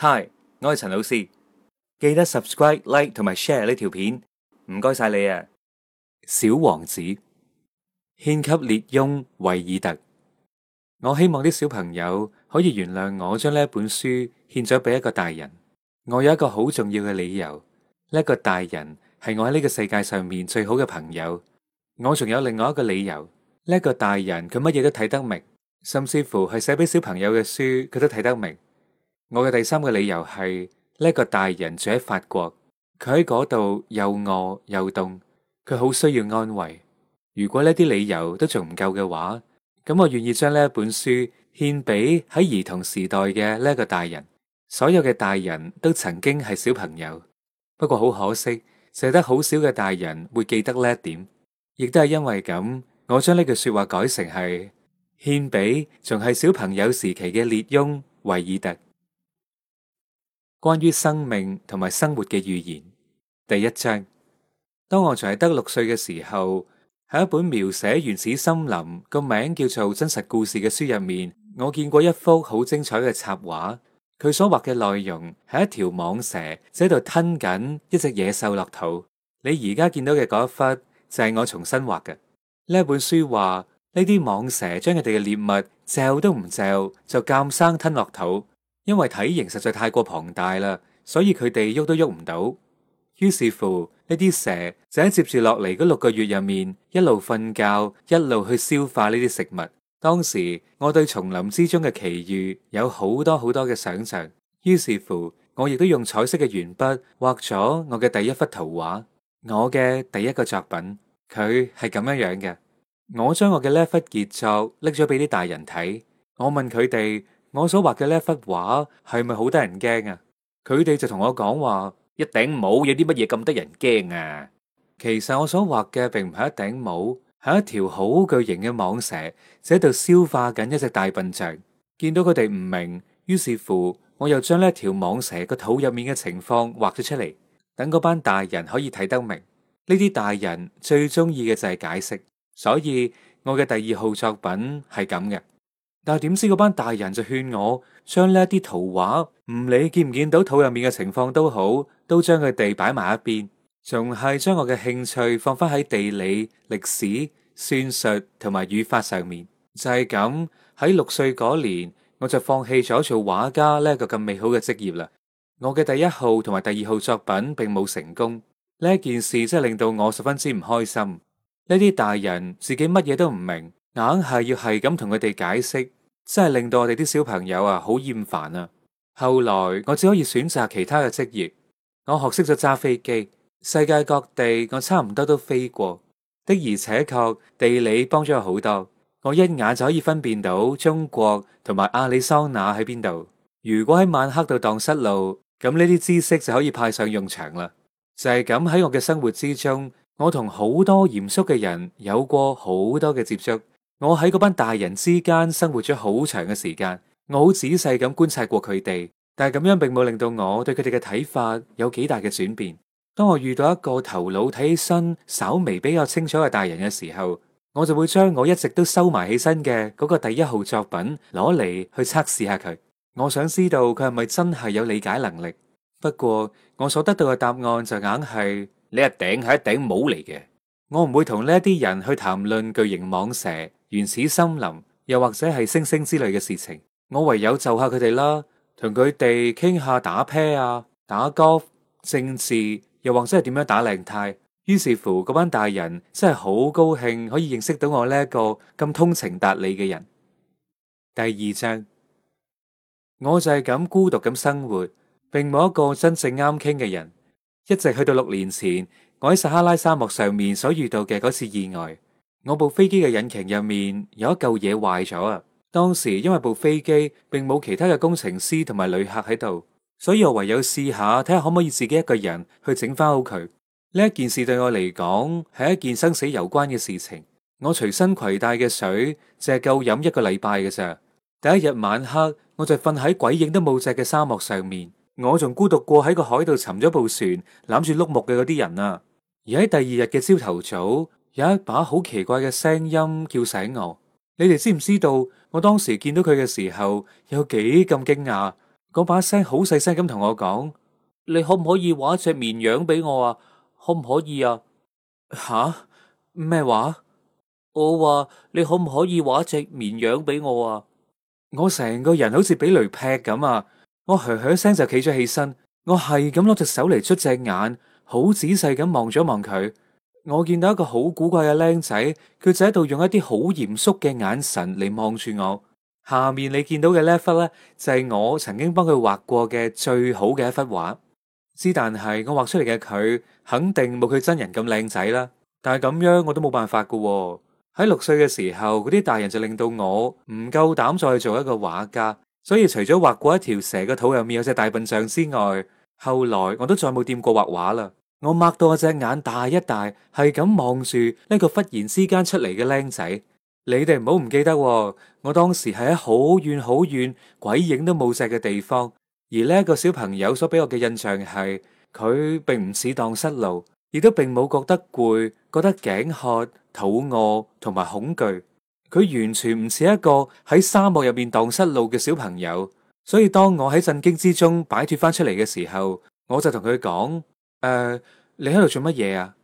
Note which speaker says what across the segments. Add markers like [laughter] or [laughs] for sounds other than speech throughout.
Speaker 1: Hi，我係陳老 C，記得 subscribe、like 同埋 share 呢條片，唔該晒你啊！小王子獻給列翁維爾特，我希望啲小朋友可以原諒我將呢本書獻咗俾一個大人。我有一個好重要嘅理由，呢個大人係我喺呢個世界上面最好嘅朋友。我仲有另外一個理由，呢個大人佢乜嘢都睇得明，甚至乎係寫俾小朋友嘅書佢都睇得明。我嘅第三個理由係呢個大人住喺法國，佢喺嗰度又餓又凍，佢好需要安慰。如果呢啲理由都仲唔夠嘅話，咁我願意將呢一本書獻俾喺兒童時代嘅呢個大人。所有嘅大人都曾經係小朋友，不過好可惜，剩得好少嘅大人會記得呢一點。亦都係因為咁，我將呢句說話改成係獻俾仲係小朋友時期嘅列翁維爾特。關於生命同埋生活嘅預言，第一章。當我仲係得六歲嘅時候，喺一本描寫原始森林個名叫做真實故事嘅書入面，我見過一幅好精彩嘅插畫。佢所畫嘅內容係一條蟒蛇，喺度吞緊一隻野獸落肚。你而家見到嘅嗰一忽，就係我重新畫嘅。呢一本書話，呢啲蟒蛇將佢哋嘅獵物嚼都唔嚼，就監生吞落肚。因為體型實在太過龐大啦，所以佢哋喐都喐唔到。於是乎，呢啲蛇就喺接住落嚟嗰六個月入面，一路瞓覺，一路去消化呢啲食物。當時我對叢林之中嘅奇遇有好多好多嘅想象，於是乎，我亦都用彩色嘅鉛筆畫咗我嘅第一幅圖畫，我嘅第一個作品。佢係咁樣樣嘅。我將我嘅呢一幅傑作拎咗俾啲大人睇，我問佢哋。我所畫嘅呢一幅畫係咪好得人驚啊？佢哋就同我講話一頂帽有啲乜嘢咁得人驚啊？其實我所畫嘅並唔係一頂帽，係一條好巨型嘅蟒蛇，就喺度消化緊一隻大笨象。見到佢哋唔明，於是乎我又將呢一條蟒蛇個肚入面嘅情況畫咗出嚟，等嗰班大人可以睇得明。呢啲大人最中意嘅就係解釋，所以我嘅第二號作品係咁嘅。但係點知嗰班大人就勸我將呢啲圖畫，唔理見唔見到肚入面嘅情況都好，都將佢哋擺埋一邊，仲係將我嘅興趣放翻喺地理、歷史、算術同埋語法上面。就係咁，喺六歲嗰年，我就放棄咗做畫家呢個咁美好嘅職業啦。我嘅第一號同埋第二號作品並冇成功，呢件事真係令到我十分之唔開心。呢啲大人自己乜嘢都唔明，硬係要係咁同佢哋解釋。真係令到我哋啲小朋友啊，好厭煩啊！後來我只可以選擇其他嘅職業，我學識咗揸飛機，世界各地我差唔多都飛過，的而且確，地理幫咗我好多，我一眼就可以分辨到中國同埋阿里桑那喺邊度。如果喺晚黑度蕩失路，咁呢啲知識就可以派上用場啦。就係咁，喺我嘅生活之中，我同好多嚴肅嘅人有過好多嘅接觸。我喺嗰班大人之間生活咗好長嘅時間，我好仔細咁觀察過佢哋，但係咁樣並冇令到我對佢哋嘅睇法有幾大嘅轉變。當我遇到一個頭腦睇起身稍微比較清楚嘅大人嘅時候，我就會將我一直都收埋起身嘅嗰個第一號作品攞嚟去測試下佢。我想知道佢係咪真係有理解能力。不過我所得到嘅答案就硬係呢一頂係一頂帽嚟嘅。我唔會同呢啲人去談論巨型蟒蛇。原始森林，又或者係星星之類嘅事情，我唯有就下佢哋啦，同佢哋傾下打啤啊，打 golf，政治，又或者係點樣打領呔。于是乎，嗰班大人真係好高興可以認識到我呢一個咁通情達理嘅人。第二章，我就係咁孤獨咁生活，並冇一個真正啱傾嘅人，一直去到六年前，我喺撒哈拉沙漠上面所遇到嘅嗰次意外。我部飛機嘅引擎入面有一嚿嘢壞咗啊！當時因為部飛機並冇其他嘅工程師同埋旅客喺度，所以我唯有試下睇下可唔可以自己一個人去整翻好佢。呢一件事對我嚟講係一件生死攸關嘅事情。我隨身攜帶嘅水淨係夠飲一個禮拜嘅啫。第一日晚黑，我就瞓喺鬼影都冇隻嘅沙漠上面，我仲孤獨過喺個海度沉咗部船攬住碌木嘅嗰啲人啊！而喺第二日嘅朝頭早。有一把好奇怪嘅聲音叫醒我，你哋知唔知道？我當時見到佢嘅時候，有幾咁驚訝。嗰把聲好細聲咁同我講：你可唔可以畫一隻綿羊俾我啊？可唔可以啊？吓咩話？我話你可唔可以畫一隻綿羊俾我啊？我成個人好似俾雷劈咁啊！我噓噓聲就企咗起身，我係咁攞隻手嚟捽隻眼，好仔細咁望咗望佢。我見到一個好古怪嘅靚仔，佢就喺度用一啲好嚴肅嘅眼神嚟望住我。下面你見到嘅呢一忽咧，就係我曾經幫佢畫過嘅最好嘅一幅畫。之但係我畫出嚟嘅佢，肯定冇佢真人咁靚仔啦。但係咁樣我都冇辦法噶。喺六歲嘅時候，嗰啲大人就令到我唔夠膽再做一個畫家。所以除咗畫過一條蛇嘅肚入面有隻大笨象之外，後來我都再冇掂過畫畫啦。我擘到我隻眼大一大，係咁望住呢個忽然之間出嚟嘅靚仔。你哋唔好唔記得，我當時係喺好遠好遠，鬼影都冇隻嘅地方。而呢一個小朋友所俾我嘅印象係，佢並唔似蕩失路，亦都並冇覺得攰，覺得頸渴、肚餓同埋恐懼。佢完全唔似一個喺沙漠入面蕩失路嘅小朋友。所以當我喺震驚之中擺脫翻出嚟嘅時候，我就同佢講。誒，uh, 你喺度做乜嘢啊？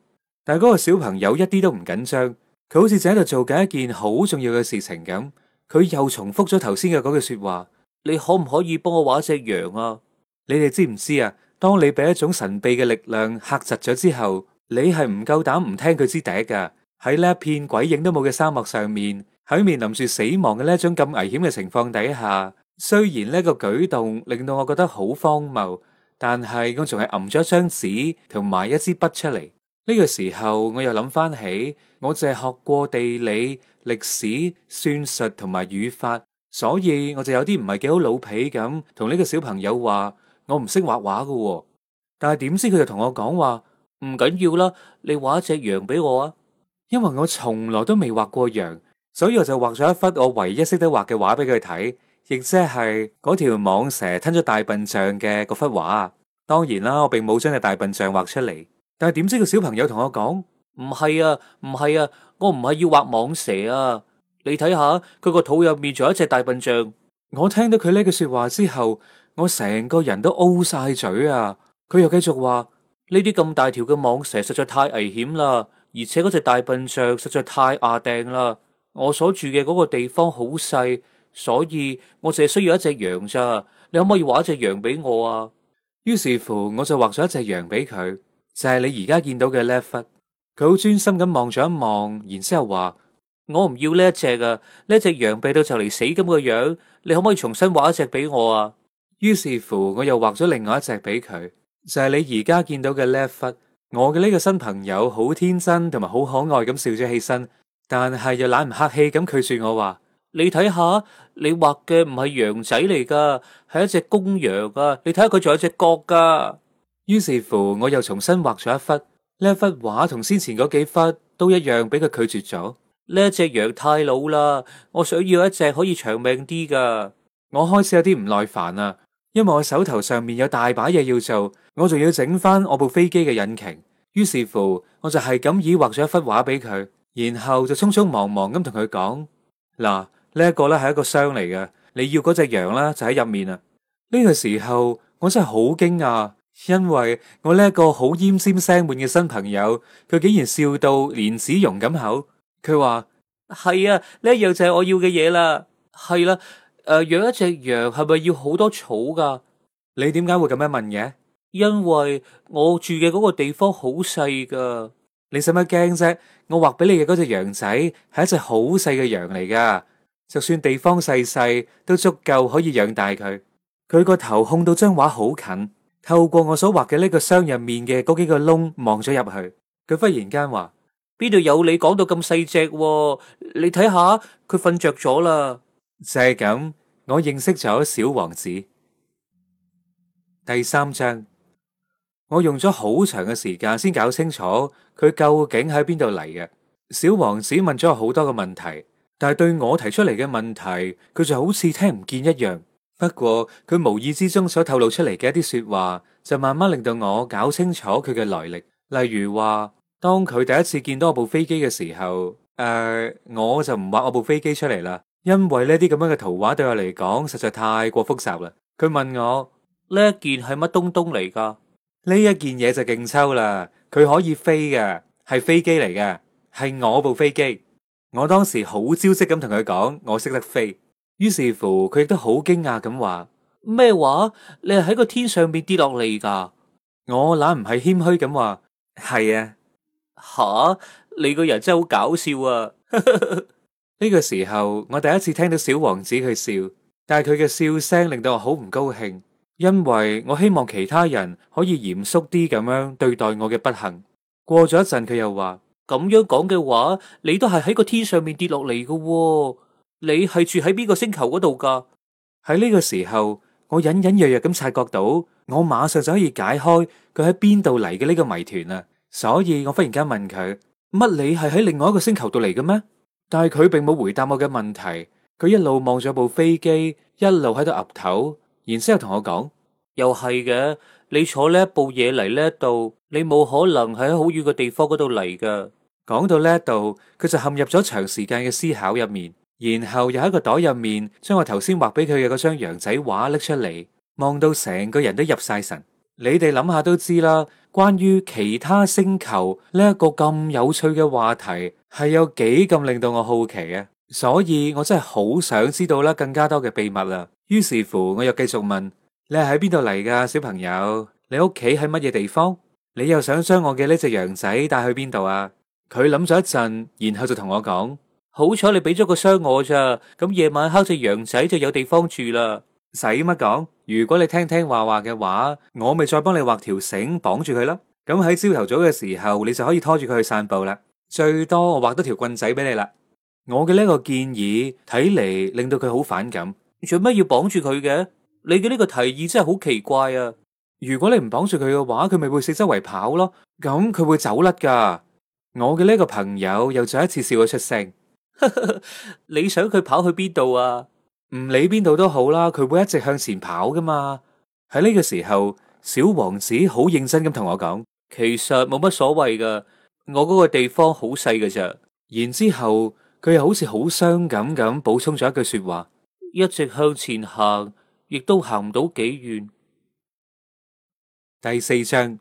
Speaker 1: 但係嗰個小朋友一啲都唔緊張，佢好似正喺度做緊一件好重要嘅事情咁。佢又重複咗頭先嘅嗰句說話：你可唔可以幫我畫一隻羊啊？你哋知唔知啊？當你被一種神秘嘅力量嚇窒咗之後，你係唔夠膽唔聽佢支笛噶喺呢一片鬼影都冇嘅沙漠上面，喺面臨住死亡嘅呢一種咁危險嘅情況底下，雖然呢個舉動令到我覺得好荒謬。但係我仲係揞咗一張紙同埋一支筆出嚟，呢個時候我又諗翻起，我淨係學過地理、歷史、算術同埋語法，所以我就有啲唔係幾好老皮咁同呢個小朋友話我唔識畫畫㗎喎，但係點知佢就同我講話唔緊要啦，你畫一隻羊俾我啊，因為我從來都未畫過羊，所以我就畫咗一幅我唯一識得畫嘅畫俾佢睇。亦即係嗰條蟒蛇吞咗大笨象嘅嗰幅畫啊！當然啦，我並冇將隻大笨象畫出嚟。但係點知個小朋友同我講：唔係啊，唔係啊，我唔係要畫蟒蛇啊！你睇下佢個肚入面仲有一隻大笨象。我聽到佢呢句說話之後，我成個人都 O 晒嘴啊！佢又繼續話：呢啲咁大條嘅蟒蛇實在太危險啦，而且嗰隻大笨象實在太牙掟啦。我所住嘅嗰個地方好細。所以我淨係需要一隻羊咋，你可唔可以畫一隻羊俾我啊？於是乎我畫、就是，我就畫咗一隻羊俾佢，就係你而家見到嘅 Left。佢好專心咁望咗一望，然之後話：我唔要呢一隻啊，呢一隻羊被到就嚟死咁嘅樣，你可唔可以重新畫一隻俾我啊？於是乎，我又畫咗另外一隻俾佢，就係、是、你而家見到嘅 Left。我嘅呢個新朋友好天真同埋好可愛咁笑咗起身，但係又懶唔客氣咁拒絕我話。你睇下，你畫嘅唔係羊仔嚟噶，係一隻公羊啊！你睇下佢仲有隻角噶。於是乎，我又重新畫咗一忽，呢一幅畫同先前嗰幾忽都一樣，俾佢拒絕咗。呢一隻羊太老啦，我想要一隻可以長命啲噶。我開始有啲唔耐煩啦，因為我手頭上面有大把嘢要做，我仲要整翻我部飛機嘅引擎。於是乎，我就係咁以畫咗一幅畫俾佢，然後就匆匆忙忙咁同佢講嗱。呢一個咧，係一個箱嚟嘅，你要嗰隻羊啦，就喺入面啊。呢個時候我真係好驚訝，因為我呢一個好奄尖聲滿嘅新朋友，佢竟然笑到蓮子蓉咁口。佢話，係啊，呢一樣就係我要嘅嘢啦。係啦、啊，誒、呃，養一隻羊係咪要好多草噶？你點解會咁樣問嘅？因為我住嘅嗰個地方好細噶。你使乜驚啫？我畫俾你嘅嗰隻羊仔係一隻好細嘅羊嚟噶。就算地方細細，都足夠可以養大佢。佢個頭控到張畫好近，透過我所畫嘅呢個箱入面嘅嗰幾個窿望咗入去。佢忽然間話：邊度有你講到咁細隻？你睇下，佢瞓着咗啦。就係咁，我認識咗小王子。第三章，我用咗好長嘅時間先搞清楚佢究竟喺邊度嚟嘅。小王子問咗好多個問題。但係對我提出嚟嘅問題，佢就好似聽唔見一樣。不過佢無意之中所透露出嚟嘅一啲說話，就慢慢令到我搞清楚佢嘅來歷。例如話，當佢第一次見到我部飛機嘅時候，誒、呃，我就唔畫我部飛機出嚟啦，因為呢啲咁樣嘅圖畫對我嚟講實在太過複雜啦。佢問我呢一件係乜東東嚟㗎？呢一件嘢就勁抽啦，佢可以飛嘅，係飛機嚟嘅，係我部飛機。我當時好招式咁同佢講，我識得飛。於是乎，佢亦都好驚訝咁話：咩話？你係喺個天上邊跌落嚟噶？我懶唔係謙虛咁話：係啊。吓，你個人真係好搞笑啊！呢 [laughs] 個時候，我第一次聽到小王子佢笑，但係佢嘅笑聲令到我好唔高興，因為我希望其他人可以嚴肅啲咁樣對待我嘅不幸。過咗一陣，佢又話。咁樣講嘅話，你都係喺個天上面跌落嚟噶？你係住喺邊個星球嗰度噶？喺呢個時候，我隱隱約約咁察覺到，我馬上就可以解開佢喺邊度嚟嘅呢個謎團啦。所以我忽然間問佢，乜你係喺另外一個星球度嚟嘅咩？但係佢並冇回答我嘅問題。佢一路望住部飛機，一路喺度岌頭，然之後同我講，又係嘅。你坐呢一部嘢嚟呢一度，你冇可能喺好遠嘅地方嗰度嚟噶。講到呢一度，佢就陷入咗長時間嘅思考入面，然後又喺個袋入面將我頭先畫俾佢嘅嗰張羊仔畫拎出嚟，望到成個人都入晒神。你哋諗下都知啦，關於其他星球呢一個咁有趣嘅話題，係有幾咁令到我好奇啊！所以，我真係好想知道啦，更加多嘅秘密啦。於是乎，我又繼續問。你係喺邊度嚟噶，小朋友？你屋企喺乜嘢地方？你又想將我嘅呢隻羊仔帶去邊度啊？佢諗咗一陣，然後就同我講：好彩你俾咗個箱我咋，咁夜晚黑隻羊仔就有地方住啦。使乜講？如果你聽聽話話嘅話，我咪再幫你畫條繩綁住佢啦。咁喺朝頭早嘅時候，你就可以拖住佢去散步啦。最多我畫多條棍仔俾你啦。我嘅呢個建議睇嚟令到佢好反感。做乜要綁住佢嘅？你嘅呢個提議真係好奇怪啊！如果你唔綁住佢嘅話，佢咪會四周圍跑咯。咁佢會走甩噶。我嘅呢個朋友又再一次笑咗出聲， [laughs] 你想佢跑去邊度啊？唔理邊度都好啦，佢會一直向前跑噶嘛。喺呢個時候，小王子好認真咁同我講，其實冇乜所謂噶。我嗰個地方好細噶咋。然之後佢又好似好傷感咁補充咗一句說話：一直向前行。亦都行唔到幾遠。第四章，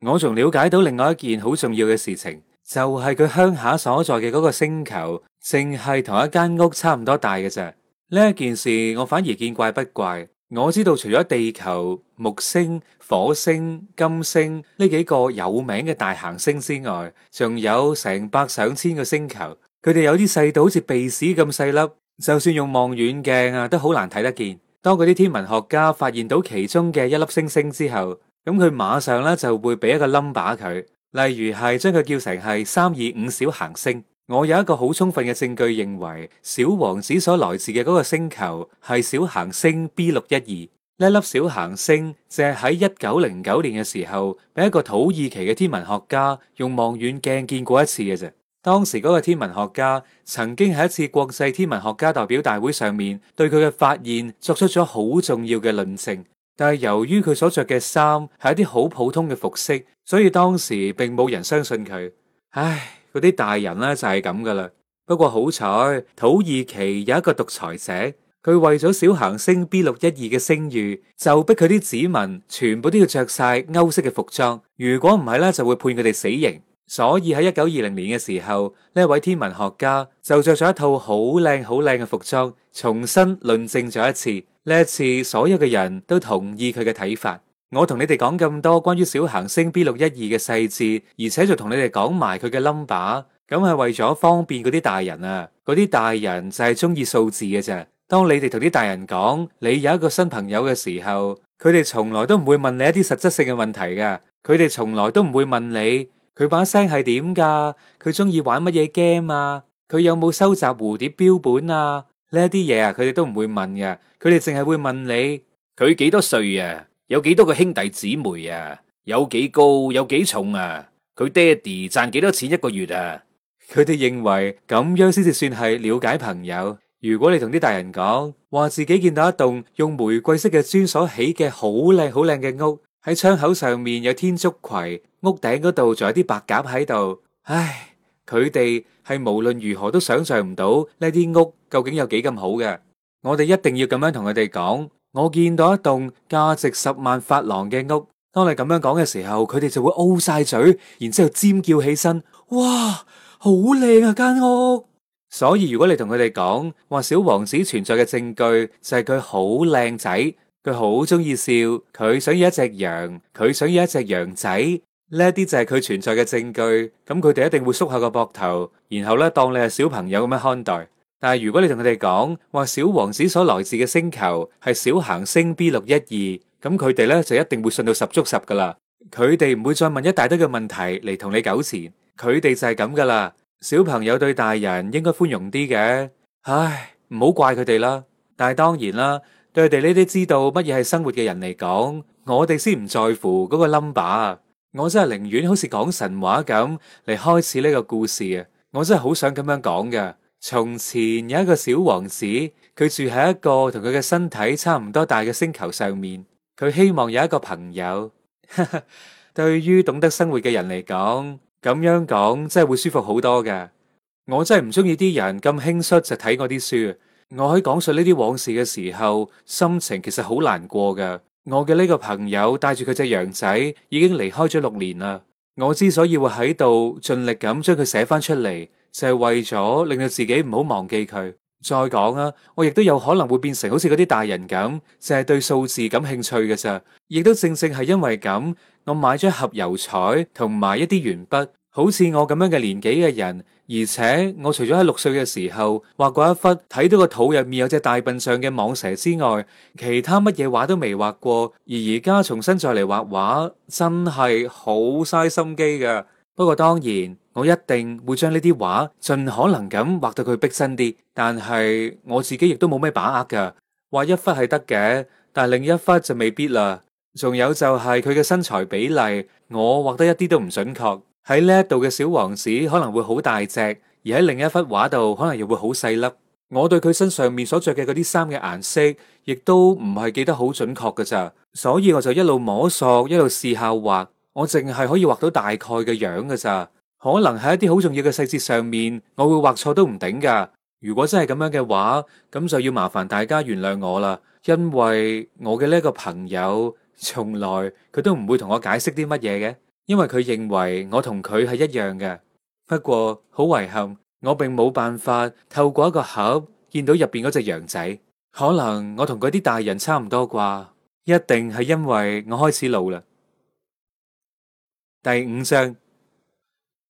Speaker 1: 我仲了解到另外一件好重要嘅事情，就係佢鄉下所在嘅嗰個星球，淨係同一間屋差唔多大嘅啫。呢一件事，我反而見怪不怪。我知道除咗地球、木星、火星、金星呢幾個有名嘅大行星之外，仲有成百上千個星球，佢哋有啲細到好似鼻屎咁細粒，就算用望遠鏡啊，都好難睇得見。當嗰啲天文學家發現到其中嘅一粒星星之後，咁佢馬上咧就會俾一個 number 佢，例如係將佢叫成係三二五小行星。我有一個好充分嘅證據認為，小王子所來自嘅嗰個星球係小行星 B 六一二呢粒小行星，只係喺一九零九年嘅時候，俾一個土耳其嘅天文學家用望遠鏡見過一次嘅啫。當時嗰個天文學家曾經喺一次國際天文學家代表大會上面，對佢嘅發現作出咗好重要嘅論證。但係由於佢所着嘅衫係一啲好普通嘅服飾，所以當時並冇人相信佢。唉，嗰啲大人咧就係咁噶啦。不過好彩，土耳其有一個獨裁者，佢為咗小行星 B 六一二嘅聲譽，就逼佢啲子民全部都要着晒歐式嘅服裝。如果唔係咧，就會判佢哋死刑。所以喺一九二零年嘅時候，呢位天文學家就着咗一套好靚好靚嘅服裝，重新論證咗一次。呢一次，所有嘅人都同意佢嘅睇法。我同你哋講咁多關於小行星 B 六一二嘅細節，而且就同你哋講埋佢嘅 number，咁係為咗方便嗰啲大人啊。嗰啲大人就係中意數字嘅啫。當你哋同啲大人講你有一個新朋友嘅時候，佢哋從來都唔會問你一啲實質性嘅問題噶。佢哋從來都唔會問你。佢把聲係點噶？佢中意玩乜嘢 game 啊？佢有冇收集蝴蝶標本啊？呢一啲嘢啊，佢哋都唔會問嘅。佢哋淨係會問你：佢幾多歲啊？有幾多個兄弟姊妹啊？有幾高？有幾重啊？佢爹哋賺幾多錢一個月啊？佢哋認為咁樣先至算係了解朋友。如果你同啲大人講，話自己見到一棟用玫瑰色嘅磚所起嘅好靚好靚嘅屋。喺窗口上面有天竺葵，屋頂嗰度仲有啲白鴿喺度。唉，佢哋係無論如何都想象唔到呢啲屋究竟有幾咁好嘅。我哋一定要咁樣同佢哋講，我見到一棟價值十萬法郎嘅屋。當你咁樣講嘅時候，佢哋就會 O 晒嘴，然之後尖叫起身。哇，好靚啊間屋！所以如果你同佢哋講話，小王子存在嘅證據就係佢好靚仔。佢好中意笑，佢想要一隻羊，佢想要一隻羊仔，呢啲就係佢存在嘅證據。咁佢哋一定會縮下個膊頭，然後咧當你係小朋友咁樣看待。但係如果你同佢哋講話，小王子所來自嘅星球係小行星 B 六一二，咁佢哋咧就一定會信到十足十噶啦。佢哋唔會再問一大堆嘅問題嚟同你糾纏，佢哋就係咁噶啦。小朋友對大人應該寬容啲嘅，唉，唔好怪佢哋啦。但係當然啦。對佢哋呢啲知道乜嘢係生活嘅人嚟講，我哋先唔在乎嗰個 number。我真係寧願好似講神話咁嚟開始呢個故事啊！我真係好想咁樣講嘅。從前有一個小王子，佢住喺一個同佢嘅身體差唔多大嘅星球上面。佢希望有一個朋友。 [laughs] 對於懂得生活嘅人嚟講，咁樣講真係會舒服好多嘅。我真係唔中意啲人咁輕率就睇我啲書。我喺講述呢啲往事嘅時候，心情其實好難過㗎。我嘅呢個朋友帶住佢隻羊仔，已經離開咗六年啦。我之所以會喺度盡力咁將佢寫翻出嚟，就係為咗令到自己唔好忘記佢。再講啊，我亦都有可能會變成好似嗰啲大人咁，淨係對數字感興趣嘅咋。亦都正正係因為咁，我買咗盒油彩同埋一啲鉛筆。好似我咁樣嘅年紀嘅人，而且我除咗喺六歲嘅時候畫過一幅睇到個肚入面有隻大笨象嘅蟒蛇之外，其他乜嘢畫都未畫過。而而家重新再嚟畫畫，真係好嘥心機㗎。不過當然，我一定會將呢啲畫盡可能咁畫到佢逼真啲。但係我自己亦都冇咩把握㗎，畫一忽係得嘅，但係另一忽就未必啦。仲有就係佢嘅身材比例，我畫得一啲都唔準確。喺呢一度嘅小王子可能會好大隻，而喺另一幅畫度可能又會好細粒。我對佢身上面所着嘅嗰啲衫嘅顏色，亦都唔係記得好準確㗎咋。所以我就一路摸索，一路試下畫。我淨係可以畫到大概嘅樣㗎咋。可能喺一啲好重要嘅細節上面，我會畫錯都唔頂㗎。如果真係咁樣嘅話，咁就要麻煩大家原諒我啦。因為我嘅呢個朋友，從來佢都唔會同我解釋啲乜嘢嘅。因為佢認為我同佢係一樣嘅，不過好遺憾，我並冇辦法透過一個盒見到入邊嗰隻羊仔。可能我同嗰啲大人差唔多啩，一定係因為我開始老啦。第五章，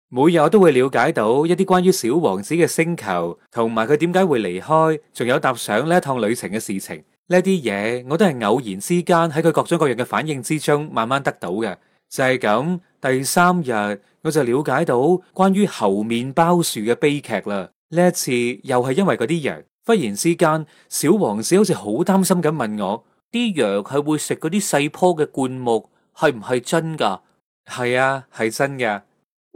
Speaker 1: 每日我都會了解到一啲關於小王子嘅星球同埋佢點解會離開，仲有踏上呢一趟旅程嘅事情。呢啲嘢我都係偶然之間喺佢各種各樣嘅反應之中慢慢得到嘅。就係咁，第三日我就了解到關於猴麵包樹嘅悲劇啦。呢一次又係因為嗰啲羊，忽然之間，小王子好似好擔心咁問我：啲羊係會食嗰啲細棵嘅灌木係唔係真噶？係啊，係真噶。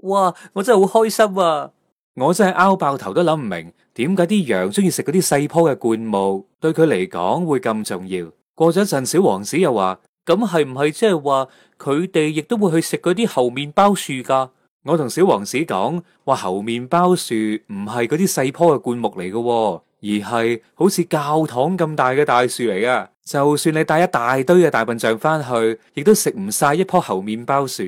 Speaker 1: 哇，我真係好開心啊！我真係拗爆頭都諗唔明，點解啲羊中意食嗰啲細棵嘅灌木，對佢嚟講會咁重要。過咗一陣，小王子又話。咁係唔係即係話佢哋亦都會去食嗰啲猴麵包樹噶？我同小王子講話，猴麵包樹唔係嗰啲細棵嘅灌木嚟噶喎，而係好似教堂咁大嘅大樹嚟噶。就算你帶一大堆嘅大笨象翻去，亦都食唔晒一棵猴麵包樹。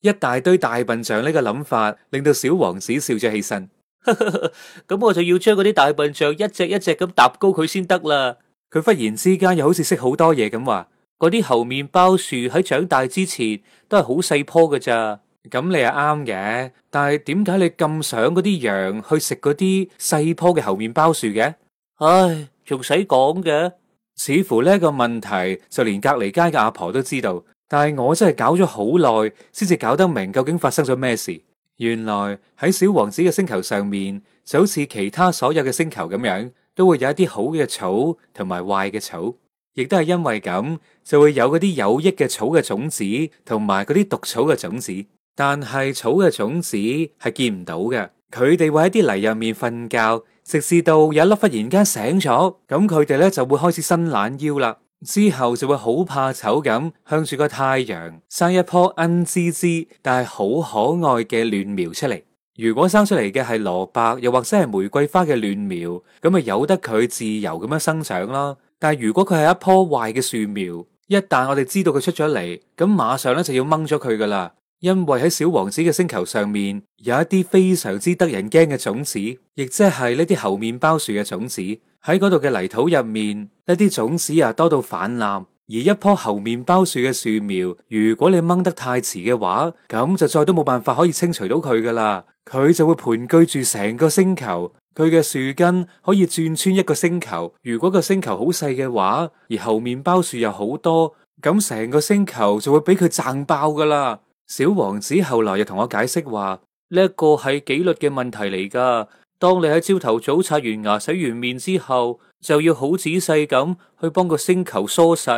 Speaker 1: 一大堆大笨象，呢個諗法令到小王子笑咗起身。咁 [laughs] 我就要將嗰啲大笨象一隻一隻咁搭高佢先得啦。佢忽然之間又好似識好多嘢咁話。嗰啲猴麵包樹喺長大之前都係好細棵㗎咋，咁你又啱嘅。但係點解你咁想嗰啲羊去食嗰啲細棵嘅猴麵包樹嘅？唉，仲使講嘅？似乎呢一個問題就連隔籬街嘅阿婆都知道，但係我真係搞咗好耐，先至搞得明究竟發生咗咩事。原來喺小王子嘅星球上面，就好似其他所有嘅星球咁樣，都會有一啲好嘅草同埋壞嘅草。亦都係因為咁，就會有嗰啲有益嘅草嘅種子，同埋嗰啲毒草嘅種子。但係草嘅種子係見唔到嘅，佢哋會喺啲泥入面瞓覺，直至到有一粒忽然間醒咗，咁佢哋咧就會開始伸懶腰啦。之後就會好怕醜咁，向住個太陽生一棵奀滋滋，但係好可愛嘅嫩苗出嚟。如果生出嚟嘅係蘿蔔，又或者係玫瑰花嘅嫩苗，咁咪由得佢自由咁樣生長囉。但係如果佢係一棵壞嘅樹苗，一旦我哋知道佢出咗嚟，咁馬上咧就要掹咗佢噶啦。因為喺小王子嘅星球上面，有一啲非常之得人驚嘅種子，亦即係呢啲猴麵包樹嘅種子，喺嗰度嘅泥土入面，呢啲種子啊多到泛濫。而一棵猴麵包樹嘅樹苗，如果你掹得太遲嘅話，咁就再都冇辦法可以清除到佢噶啦，佢就會盤踞住成個星球。佢嘅樹根可以鑽穿一個星球，如果個星球好細嘅話，而猴麵包樹又好多，咁成個星球就會俾佢掙爆噶啦。小王子後來又同我解釋話，呢、這、一個係紀律嘅問題嚟噶。當你喺朝頭早刷完牙、洗完面之後，就要好仔細咁去幫個星球梳洗，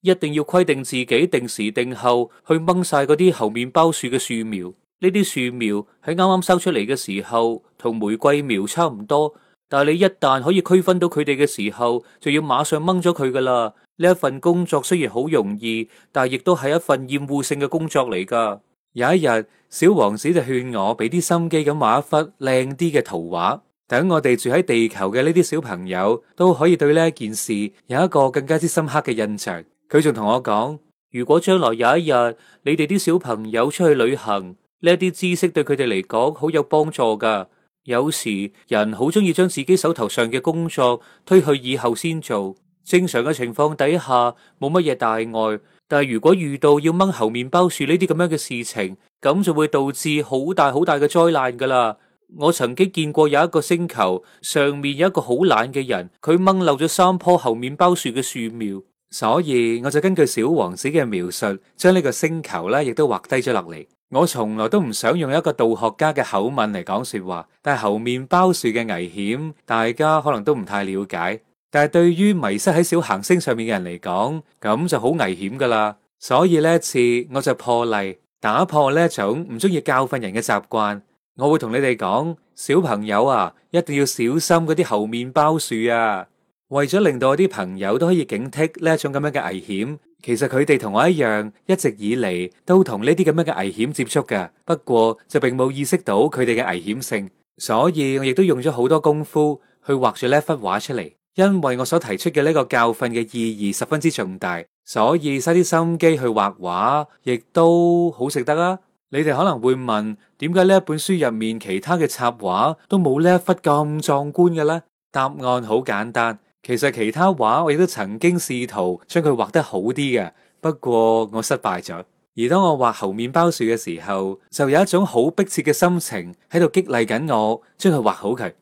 Speaker 1: 一定要規定自己定時定候去掹晒嗰啲猴麵包樹嘅樹苗。呢啲樹苗喺啱啱收出嚟嘅時候，同玫瑰苗差唔多，但係你一旦可以區分到佢哋嘅時候，就要馬上掹咗佢噶啦。呢一份工作雖然好容易，但係亦都係一份厭惡性嘅工作嚟噶。有一日，小王子就勸我俾啲心機咁畫一幅靚啲嘅圖畫，等我哋住喺地球嘅呢啲小朋友都可以對呢一件事有一個更加之深刻嘅印象。佢仲同我講，如果將來有一日你哋啲小朋友出去旅行，呢啲知識對佢哋嚟講好有幫助噶。有時人好鍾意將自己手頭上嘅工作推去以後先做。正常嘅情況底下冇乜嘢大礙，但係如果遇到要掹猴麵包樹呢啲咁樣嘅事情，咁就會導致好大好大嘅災難噶啦。我曾經見過有一個星球上面有一個好懶嘅人，佢掹漏咗三棵猴麵包樹嘅樹苗。所以我就根據小王子嘅描述，將呢個星球咧亦都畫低咗落嚟。我從來都唔想用一個道學家嘅口吻嚟講說話，但係猴麵包樹嘅危險，大家可能都唔太了解。但係對於迷失喺小行星上面嘅人嚟講，咁就好危險㗎喇。所以呢一次，我就破例，打破呢一種唔中意教訓人嘅習慣。我會同你哋講，小朋友啊，一定要小心嗰啲猴麵包樹啊。為咗令到我啲朋友都可以警惕呢一種咁樣嘅危險。其實佢哋同我一樣，一直以嚟都同呢啲咁樣嘅危險接觸嘅，不過就並冇意識到佢哋嘅危險性，所以我亦都用咗好多功夫去畫住呢一幅畫出嚟。因為我所提出嘅呢個教訓嘅意義十分之重大，所以嘥啲心機去畫畫，亦都好值得啊！你哋可能會問，點解呢一本書入面其他嘅插畫都冇呢一幅咁壯觀嘅咧？答案好簡單。其實其他畫我亦都曾經試圖將佢畫得好啲嘅，不過我失敗咗。而當我畫猴麵包樹嘅時候，就有一種好迫切嘅心情喺度激勵緊我，將佢畫好佢。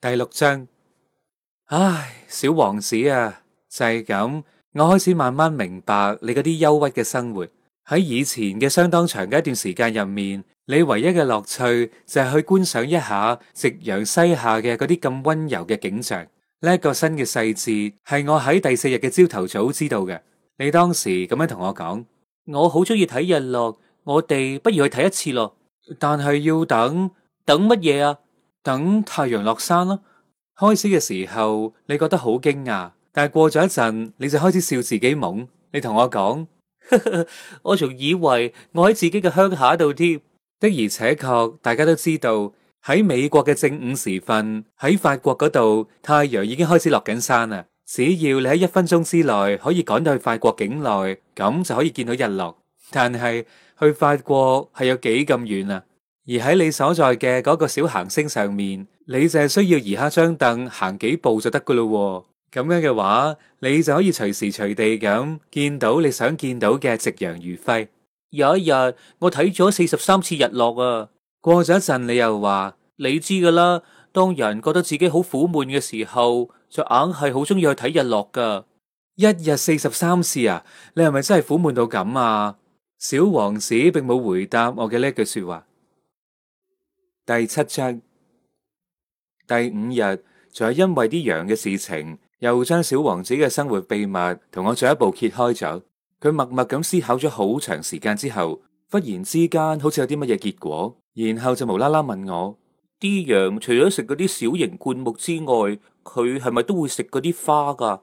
Speaker 1: 第六章，唉，小王子啊，就係咁。我開始慢慢明白你嗰啲憂鬱嘅生活。喺以前嘅相當長嘅一段時間入面，你唯一嘅樂趣就係去觀賞一下夕陽西下嘅嗰啲咁溫柔嘅景象。呢一個新嘅細節係我喺第四日嘅朝頭早知道嘅。你當時咁樣同我講，我好鍾意睇日落，我哋不如去睇一次咯。但係要等等乜嘢啊？等太陽落山咯。開始嘅時候你覺得好驚訝，但係過咗一陣你就開始笑自己懵。你同我講， [laughs] 我仲以為我喺自己嘅鄉下度添。的而且確，大家都知道。喺美國嘅正午時分，喺法國嗰度，太陽已經開始落緊山啦。只要你喺一分鐘之內可以趕到去法國境內，咁就可以見到日落。但係去法國係有幾咁遠啊？而喺你所在嘅嗰個小行星上面，你就係需要移下張凳行幾步就得噶啦。咁樣嘅話，你就可以隨時隨地咁見到你想見到嘅夕陽餘暉。有一日，我睇咗四十三次日落啊！過咗一陣，你又話你知噶啦。當人覺得自己好苦悶嘅時候，就硬係好鍾意去睇日落噶。一日四十三次啊！你係咪真係苦悶到咁啊？小王子並冇回答我嘅呢句說話。第七章，第五日，就係因為啲羊嘅事情，又將小王子嘅生活秘密同我進一步揭開咗。佢默默咁思考咗好長時間之後，忽然之間好似有啲乜嘢結果。然後就無啦啦問我啲羊除咗食嗰啲小型灌木之外，佢係咪都會食嗰啲花噶？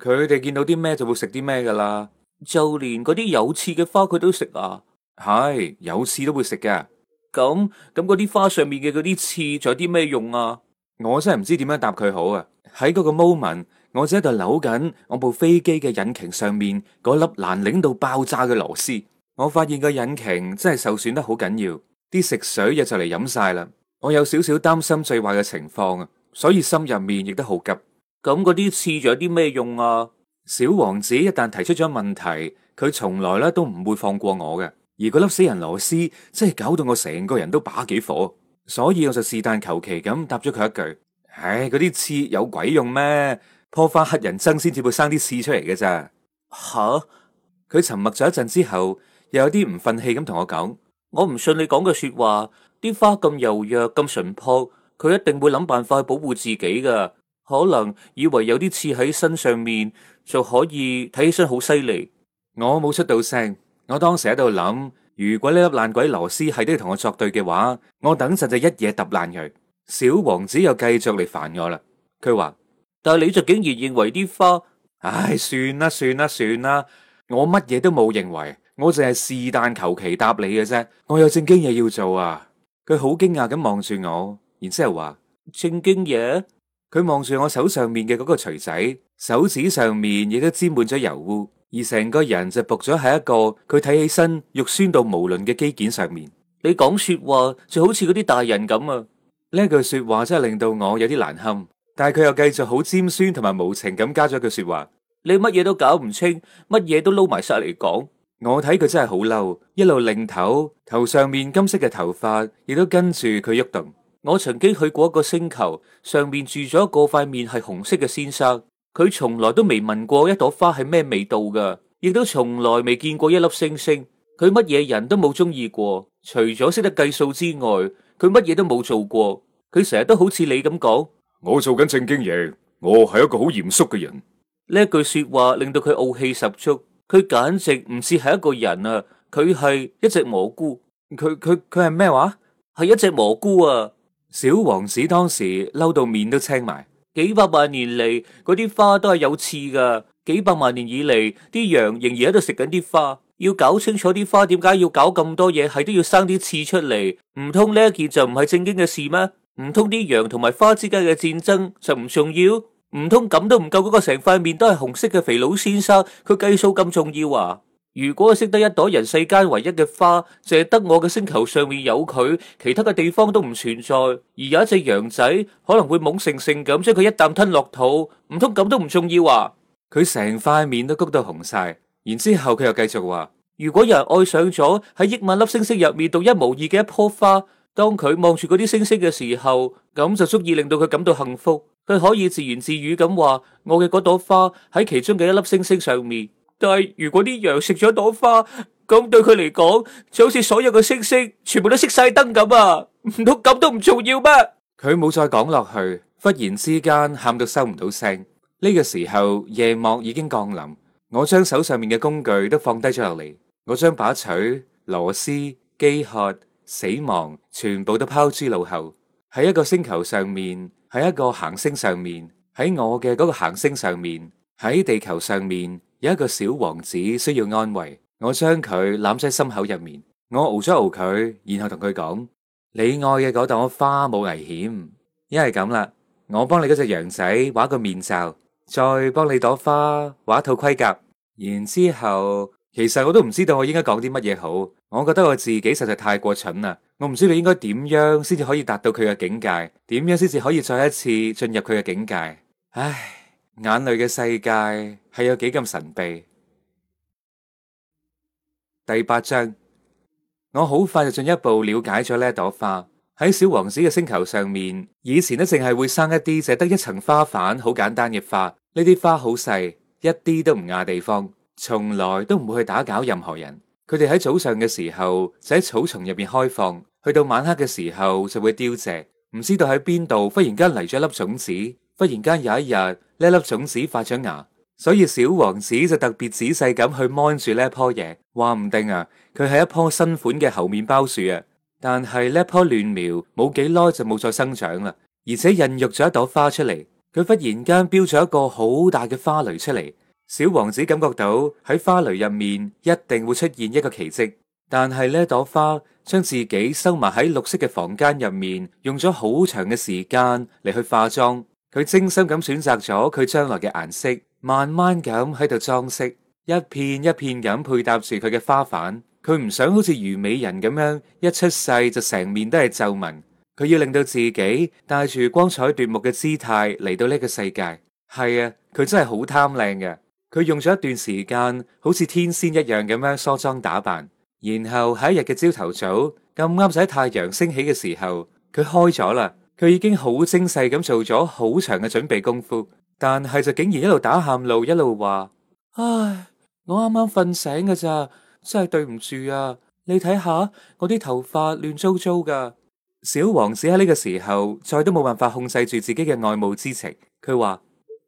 Speaker 1: 佢哋見到啲咩就會食啲咩噶啦？就連嗰啲有刺嘅花佢都食啊？係有刺都會食噶。咁咁嗰啲花上面嘅嗰啲刺仲有啲咩用啊？我真係唔知點樣答佢好啊。喺嗰個 moment，我只係度扭緊我部飛機嘅引擎上面嗰粒難擰到爆炸嘅螺絲，我發現個引擎真係受損得好緊要。啲食水又就嚟飲晒啦，我有少少擔心最壞嘅情況啊，所以心入面亦都好急。咁嗰啲刺有啲咩用啊？小王子一旦提出咗問題，佢從來咧都唔會放過我嘅，而嗰粒死人螺絲真係搞到我成個人都把幾火，所以我就是但求其咁答咗佢一句：唉、哎，嗰啲刺有鬼用咩？破翻黑人憎先至會生啲刺出嚟嘅咋？吓哈，佢沉默咗一陣之後，又有啲唔忿氣咁同我講。我唔信你講嘅說話，啲花咁柔弱咁淳樸，佢一定會諗辦法去保護自己㗎。可能以為有啲刺喺身上面就可以睇起身好犀利。我冇出到聲，我當時喺度諗，如果呢粒爛鬼螺絲係都要同我作對嘅話，我等陣就一嘢揼爛佢。小王子又繼續嚟煩我啦。佢話：但係你就竟然認為啲花，唉，算啦算啦算啦，我乜嘢都冇認為。我淨係是但求其答你嘅啫。我有正經嘢要做啊。佢好驚訝咁望住我，然之後話正經嘢。佢望住我手上面嘅嗰個錘仔，手指上面亦都沾滿咗油污，而成個人就仆咗喺一個佢睇起身肉酸到無倫嘅機件上面。你講說話就好似嗰啲大人咁啊。呢句說話真係令到我有啲難堪，但係佢又繼續好尖酸同埋無情咁加咗句說話：你乜嘢都搞唔清，乜嘢都撈埋晒嚟講。我睇佢真係好嬲，一路擰頭，頭上面金色嘅頭髮亦都跟住佢喐動。我曾經去過一個星球，上面住咗一個塊面係紅色嘅先生，佢從來都未聞過一朵花係咩味道噶，亦都從來未見過一粒星星，佢乜嘢人都冇中意過，除咗識得計數之外，佢乜嘢都冇做過，佢成日都好似你咁講。我做緊正經嘢，我係一個好嚴肅嘅人。呢句說話令到佢傲氣十足。佢簡直唔似係一個人啊！佢係一隻蘑菇，佢佢佢係咩話？係一隻蘑菇啊！小王子當時嬲到面都青埋。幾百萬年嚟，嗰啲花都係有刺噶。幾百萬年以嚟，啲羊仍然喺度食緊啲花。要搞清楚啲花點解要搞咁多嘢，係都要生啲刺出嚟？唔通呢一件就唔係正經嘅事咩？唔通啲羊同埋花之間嘅戰爭就唔重要？唔通咁都唔夠，嗰個成塊面都係紅色嘅肥佬先生，佢計數咁重要啊！如果我識得一朵人世間唯一嘅花，淨係得我嘅星球上面有佢，其他嘅地方都唔存在。而有一隻羊仔可能會懵盛盛咁將佢一啖吞落肚，唔通咁都唔重要啊！佢成塊面都谷到紅晒，然之後佢又繼續話：如果有人愛上咗喺億萬粒星星入面獨一無二嘅一棵花，當佢望住嗰啲星星嘅時候，咁就足以令到佢感到幸福。佢可以自言自語咁話：我嘅嗰朵花喺其中嘅一粒星星上面。但係如果啲羊食咗朵花，咁對佢嚟講就好似所有嘅星星全部都熄晒燈咁啊！唔通咁都唔重要咩？佢冇再講落去，忽然之間喊到收唔到聲。呢、這個時候夜幕已經降臨，我將手上面嘅工具都放低咗落嚟，我將把錘螺絲、飢渴、死亡全部都拋諸腦後。喺一個星球上面，喺一個行星上面，喺我嘅嗰個行星上面，喺地球上面，有一個小王子需要安慰，我將佢攬喺心口入面，我熬咗熬佢，然後同佢講：你愛嘅嗰朵花冇危險，一係咁啦，我幫你嗰隻羊仔畫個面罩，再幫你朵花畫套盔甲，然之後。其實我都唔知道我應該講啲乜嘢好，我覺得我自己實在太過蠢啦。我唔知道應該點樣先至可以達到佢嘅境界，點樣先至可以再一次進入佢嘅境界。唉，眼淚嘅世界係有幾咁神秘。第八章，我好快就進一步了解咗呢一朵花喺小王子嘅星球上面，以前呢淨係會生一啲淨係得一層花瓣，好簡單嘅花。呢啲花好細，一啲都唔亞地方。從來都唔會去打攪任何人。佢哋喺早上嘅時候就喺草叢入邊開放，去到晚黑嘅時候就會凋謝。唔知道喺邊度忽然間嚟咗粒種子，忽然間有一日呢粒種子發咗芽，所以小王子就特別仔細咁去望住呢棵嘢，話唔定啊，佢係一棵新款嘅猴麵包樹啊。但係呢棵嫩苗冇幾耐就冇再生長啦，而且孕育咗一朵花出嚟，佢忽然間標咗一個好大嘅花蕾出嚟。小王子感覺到喺花蕾入面一定會出現一個奇蹟，但係呢朵花將自己收埋喺綠色嘅房間入面，用咗好長嘅時間嚟去化妝。佢精心咁選擇咗佢將來嘅顏色，慢慢咁喺度裝飾，一片一片咁配搭住佢嘅花瓣。佢唔想好似虞美人咁樣一出世就成面都係皺紋。佢要令到自己帶住光彩奪目嘅姿態嚟到呢個世界。係啊，佢真係好貪靚嘅。佢用咗一段時間，好似天仙一樣咁樣梳妝打扮，然後喺一日嘅朝頭早，咁啱就喺太陽升起嘅時候，佢開咗啦。佢已經好精細咁做咗好長嘅準備功夫，但係就竟然一路打喊路，一路話：唉，我啱啱瞓醒㗎咋，真係對唔住啊！你睇下我啲頭髮亂糟糟噶。小王子喺呢個時候，再都冇辦法控制住自己嘅愛慕之情。佢話：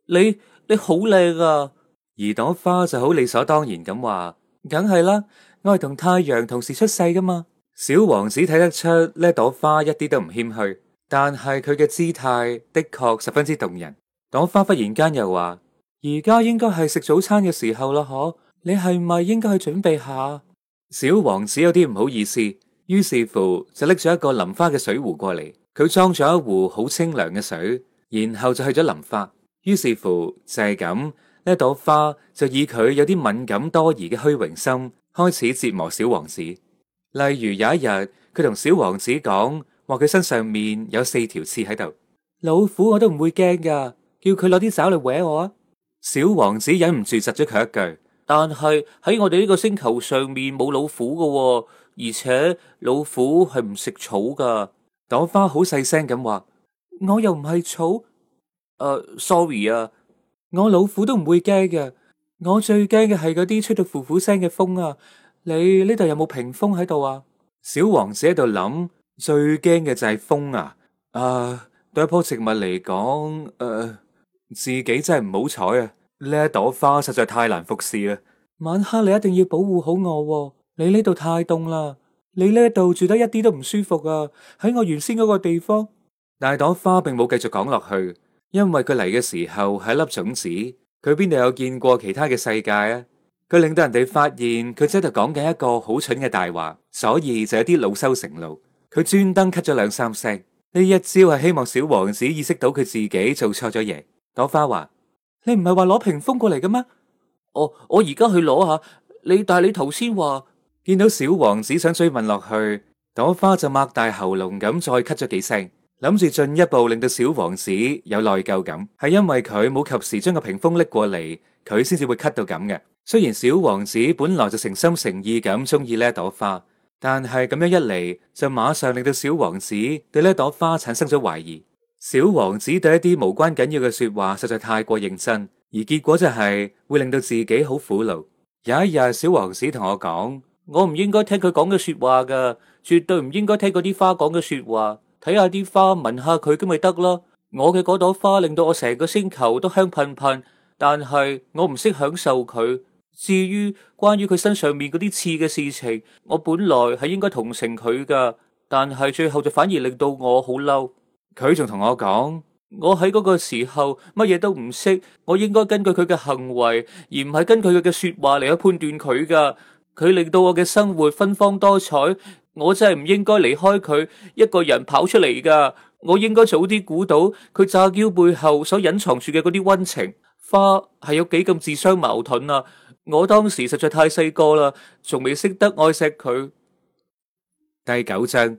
Speaker 1: 你你好靚啊！而朵花就好理所當然咁話，梗係啦，我係同太陽同時出世噶嘛。小王子睇得出呢朵花一啲都唔謙虛，但係佢嘅姿態的確十分之動人。朵花忽然間又話：而家應該係食早餐嘅時候啦，可你係咪應該去準備下？小王子有啲唔好意思，於是乎就拎咗一個淋花嘅水壺過嚟，佢裝咗一壺好清涼嘅水，然後就去咗淋花。於是乎就係咁。呢朵花就以佢有啲敏感多疑嘅虛榮心開始折磨小王子。例如有一日，佢同小王子講話佢身上面有四條刺喺度，老虎我都唔會驚噶，叫佢攞啲爪嚟搲我啊！小王子忍唔住窒咗佢一句，但係喺我哋呢個星球上面冇老虎噶喎，而且老虎係唔食草噶。朵花好細聲咁話，我又唔係草，誒，uh，sorry 啊。我老虎都唔會驚嘅，我最驚嘅係嗰啲吹到呼呼聲嘅風啊！你呢度有冇屏風喺度啊？小王子喺度諗，最驚嘅就係風啊！啊，對一棵植物嚟講，誒、啊，自己真係唔好彩啊！呢一朵花實在太難服侍啦。晚黑你一定要保護好我，啊，你呢度太凍啦，你呢度住得一啲都唔舒服啊！喺我原先嗰個地方，大朵花並冇繼續講落去。因為佢嚟嘅時候係一粒種子，佢邊度有見過其他嘅世界啊？佢令到人哋發現佢真係講緊一個好蠢嘅大話，所以就有啲老羞成怒。佢專登咳咗兩三聲，呢一招係希望小王子意識到佢自己做錯咗嘢。朵花話，你唔係話攞屏風過嚟嘅咩？哦，我而家去攞下。你但係你頭先話見到。小王子想追問落去，朵花就擘大喉嚨咁再咳咗幾聲。諗住進一步令到小王子有內疚感，係因為佢冇及時將個屏風拎過嚟，佢先至會咳到咁嘅。雖然小王子本來就誠心誠意咁中意呢一朵花，但係咁樣一嚟就馬上令到小王子對呢一朵花產生咗懷疑。小王子對一啲無關緊要嘅說話實在太過認真，而結果就係會令到自己好苦惱。有一日，小王子同我講，我唔應該聽佢講嘅說話噶，絕對唔應該聽嗰啲花講嘅說話。睇下啲花，聞下佢咁咪得囉。我嘅嗰朵花令到我成個星球都香噴噴，但係我唔識享受佢。至於關於佢身上面嗰啲刺嘅事情，我本來係應該同情佢噶，但係最後就反而令到我好嬲。佢仲同我講，我喺嗰個時候乜嘢都唔識，我應該根據佢嘅行為而唔係根據佢嘅說話嚟去判斷佢噶。佢令到我嘅生活芬芳多彩。我真係唔應該離開佢一個人跑出嚟噶，我應該早啲估到佢詐嬌背後所隱藏住嘅嗰啲溫情。花係有幾咁自相矛盾啊！我當時實在太細個啦，仲未識得愛錫佢。第九章，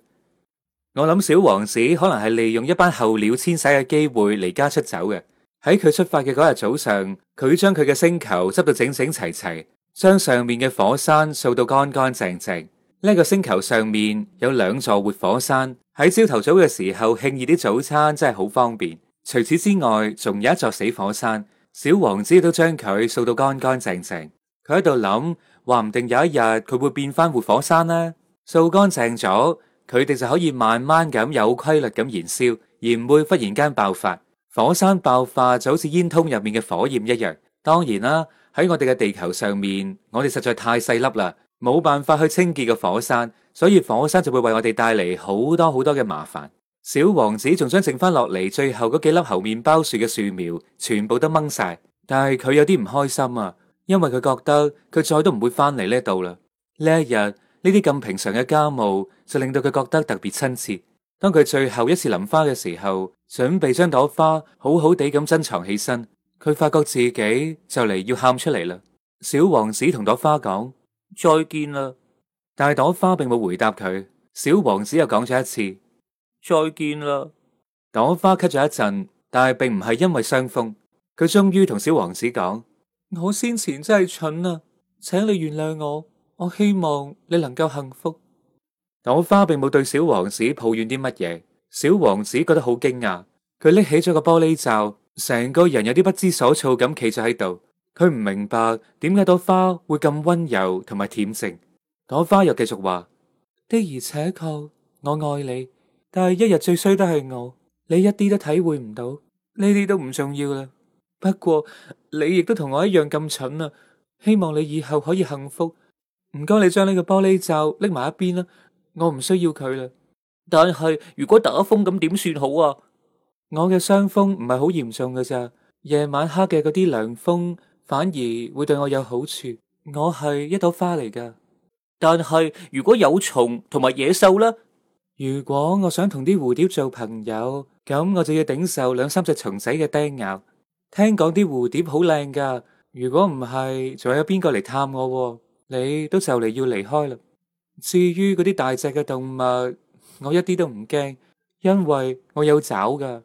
Speaker 1: 我諗小王子可能係利用一班候鳥遷徙嘅機會離家出走嘅。喺佢出發嘅嗰日早上，佢將佢嘅星球執到整整齊齊，將上面嘅火山掃到乾乾淨淨。呢個星球上面有兩座活火山，喺朝頭早嘅時候，慶熱啲早餐真係好方便。除此之外，仲有一座死火山，小王子都將佢掃到乾乾淨淨。佢喺度諗，話唔定有一日佢會變翻活火山呢？掃乾淨咗，佢哋就可以慢慢咁有規律咁燃燒，而唔會忽然間爆發。火山爆發就好似煙通入面嘅火焰一樣。當然啦，喺我哋嘅地球上面，我哋實在太細粒啦。冇辦法去清潔個火山，所以火山就會為我哋帶嚟好多好多嘅麻煩。小王子仲想剩翻落嚟，最後嗰幾粒猴麵包樹嘅樹苗全部都掹晒，但係佢有啲唔開心啊，因為佢覺得佢再都唔會翻嚟呢度啦。呢一日呢啲咁平常嘅家務就令到佢覺得特別親切。當佢最後一次淋花嘅時候，準備將朵花好好地咁珍藏起身，佢發覺自己就嚟要喊出嚟啦。小王子同朵花講。再見啦！但係朵花並冇回答佢，小王子又講咗一次再見啦！朵花咳咗一陣，但係並唔係因為傷風。佢終於同小王子講：我先前真係蠢啊，請你原諒我。我希望你能夠幸福。朵花並冇對小王子抱怨啲乜嘢，小王子覺得好驚訝，佢拎起咗個玻璃罩，成個人有啲不知所措咁企咗喺度。佢唔明白點解朵花會咁溫柔同埋恬靜，朵花又繼續話，的而且確我愛你，但係一日最衰都係我，你一啲都體會唔到呢啲都唔重要啦。不過你亦都同我一樣咁蠢啊！希望你以後可以幸福。唔該，你將呢個玻璃罩拎埋一邊啦，我唔需要佢啦。但係如果打風咁點算好啊？我嘅傷風唔係好嚴重㗎咋，夜晚黑嘅嗰啲涼風反而會對我有好處。我係一朵花嚟噶，但係如果有蟲同埋野獸啦，如果我想同啲蝴蝶做朋友，咁我就要頂受兩三隻蟲仔嘅叮咬。聽講啲蝴蝶好靚噶，如果唔係，仲有邊個嚟探我？你都就嚟要離開啦。至於嗰啲大隻嘅動物，我一啲都唔驚，因為我有爪噶。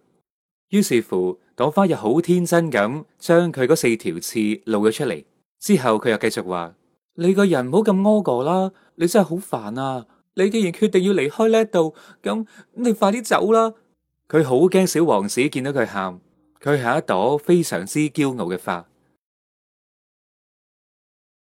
Speaker 1: 於是乎，朵花又好天真咁將佢嗰四條刺露咗出嚟。之後佢又繼續話：你個人唔好咁屙個啦，你真係好煩啊！你既然決定要離開呢度，咁你快啲走啦！佢好驚小王子見到佢喊，佢係一朵非常之驕傲嘅花。